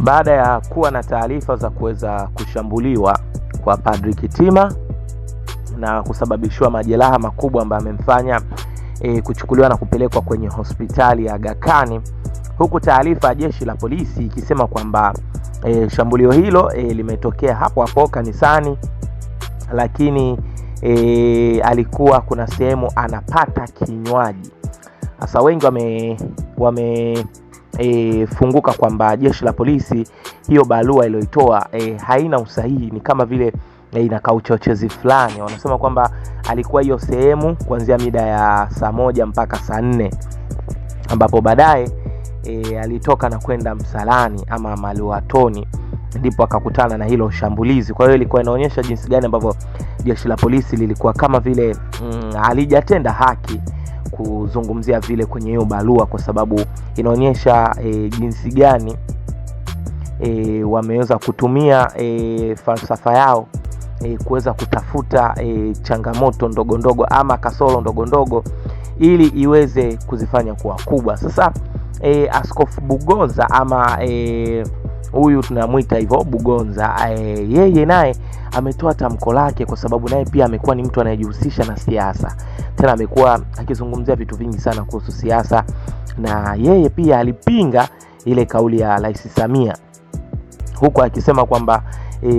Baada ya kuwa na taarifa za kuweza kushambuliwa kwa Padri Kitima na kusababishiwa majeraha makubwa ambayo amemfanya e, kuchukuliwa na kupelekwa kwenye hospitali ya gakani huku taarifa ya jeshi la polisi ikisema kwamba e, shambulio hilo e, limetokea hapo hapo kanisani, lakini e, alikuwa kuna sehemu anapata kinywaji. Sasa wengi wame, wame e, funguka kwamba jeshi la polisi hiyo barua iliyoitoa e, haina usahihi, ni kama vile e, inakaa uchochezi fulani. Wanasema kwamba alikuwa hiyo sehemu kuanzia mida ya saa moja mpaka saa nne ambapo baadaye e, alitoka na kwenda msalani ama maluatoni ndipo akakutana na hilo shambulizi. Kwa hiyo ilikuwa inaonyesha jinsi gani ambavyo jeshi la polisi lilikuwa kama vile mm, alijatenda haki kuzungumzia vile kwenye hiyo barua, kwa sababu inaonyesha e, jinsi gani e, wameweza kutumia e, falsafa yao e, kuweza kutafuta e, changamoto ndogo ndogo ama kasoro ndogo ndogo ili iweze kuzifanya kuwa kubwa. Sasa e, Askofu Bugoza ama e, huyu tunamwita hivyo Bugonza e, yeye naye ametoa tamko lake, kwa sababu naye pia amekuwa ni mtu anayejihusisha na siasa, tena amekuwa akizungumzia vitu vingi sana kuhusu siasa, na yeye pia alipinga ile kauli ya Rais Samia huku akisema kwamba e,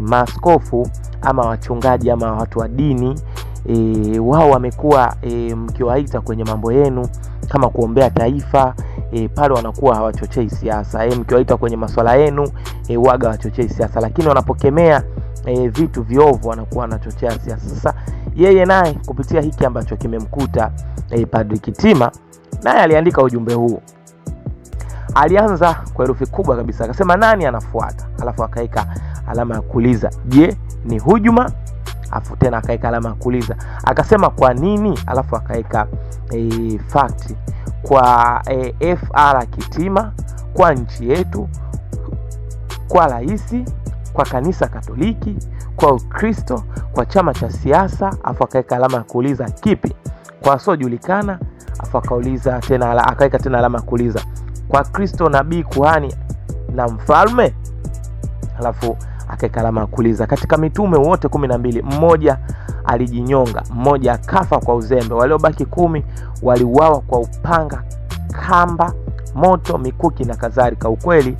maaskofu ama wachungaji ama watu wa dini e, wao wamekuwa e, mkiwaita kwenye mambo yenu kama kuombea taifa e, pale wanakuwa hawachochei siasa e, mkiwaita kwenye masuala yenu e, eh, waga wachochei siasa, lakini wanapokemea e, vitu viovu wanakuwa wanachochea siasa. Sasa yeye naye kupitia hiki ambacho kimemkuta e, Padri Kitima naye aliandika ujumbe huu. Alianza kwa herufi kubwa kabisa akasema, nani anafuata? Alafu akaweka alama ya kuuliza, je, ni hujuma? afu tena akaweka alama ya kuuliza, akasema kwa nini? Alafu akaweka e, fakti kwa e, eh, FR Kitima, kwa nchi yetu, kwa rais, kwa kanisa Katoliki, kwa Ukristo, kwa chama cha siasa, afu akaweka alama ya kuuliza kipi, kwa wasiojulikana, afu akauliza tena, akaweka tena alama ya kuuliza kwa Kristo, nabii, kuhani na mfalme, alafu akaweka alama ya kuuliza. Katika mitume wote kumi na mbili mmoja alijinyonga, mmoja kafa kwa uzembe, waliobaki kumi waliuawa kwa upanga, kamba, moto, mikuki na kadhalika. Ukweli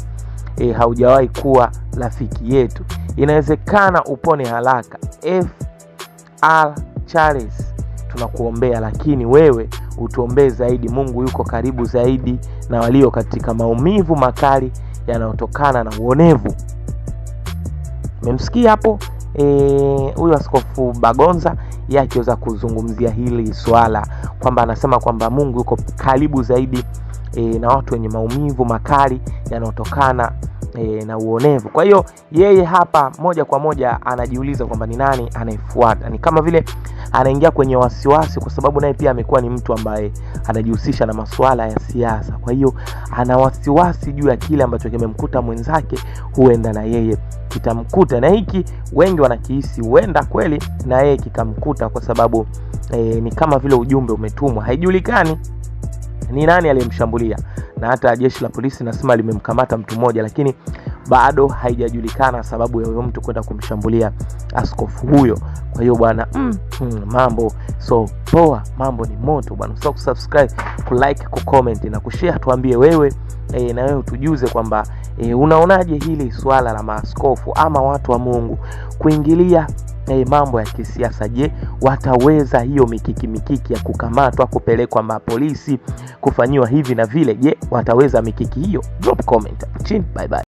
e, haujawahi kuwa rafiki yetu. Inawezekana upone haraka. FR Charles, tunakuombea, lakini wewe utuombee zaidi. Mungu yuko karibu zaidi na walio katika maumivu makali yanayotokana na uonevu. Umemsikia hapo? Eh, huyu e, Askofu Bagonza yeye akiweza kuzungumzia hili swala kwamba anasema kwamba Mungu yuko karibu zaidi e, na watu wenye maumivu makali yanayotokana E, na uonevu. Kwa hiyo yeye hapa moja kwa moja anajiuliza kwamba ni nani anayefuata. Ni kama vile anaingia kwenye wasiwasi, kwa sababu naye pia amekuwa ni mtu ambaye anajihusisha na masuala ya siasa. Kwa hiyo ana wasiwasi juu ya kile ambacho kimemkuta mwenzake, huenda na yeye kitamkuta, na hiki wengi wanakihisi huenda kweli na yeye kikamkuta, kwa sababu e, ni kama vile ujumbe umetumwa, haijulikani ni nani aliyemshambulia, na hata jeshi la polisi nasema limemkamata mtu mmoja, lakini bado haijajulikana sababu ya huyo mtu kwenda kumshambulia askofu huyo. Kwa hiyo bwana, mm, mm, mambo so poa, mambo ni moto bwana. Usisahau kusubscribe, kulike, kucomment na kushare. Tuambie wewe e, na wewe utujuze kwamba e, unaonaje hili swala la maaskofu ama watu wa Mungu kuingilia e, mambo ya kisiasa. Je, wataweza hiyo mikiki mikiki ya kukamatwa, kupelekwa mapolisi, kufanyiwa hivi na vile? Je, wataweza mikiki hiyo? Drop comment chini. Bye bye.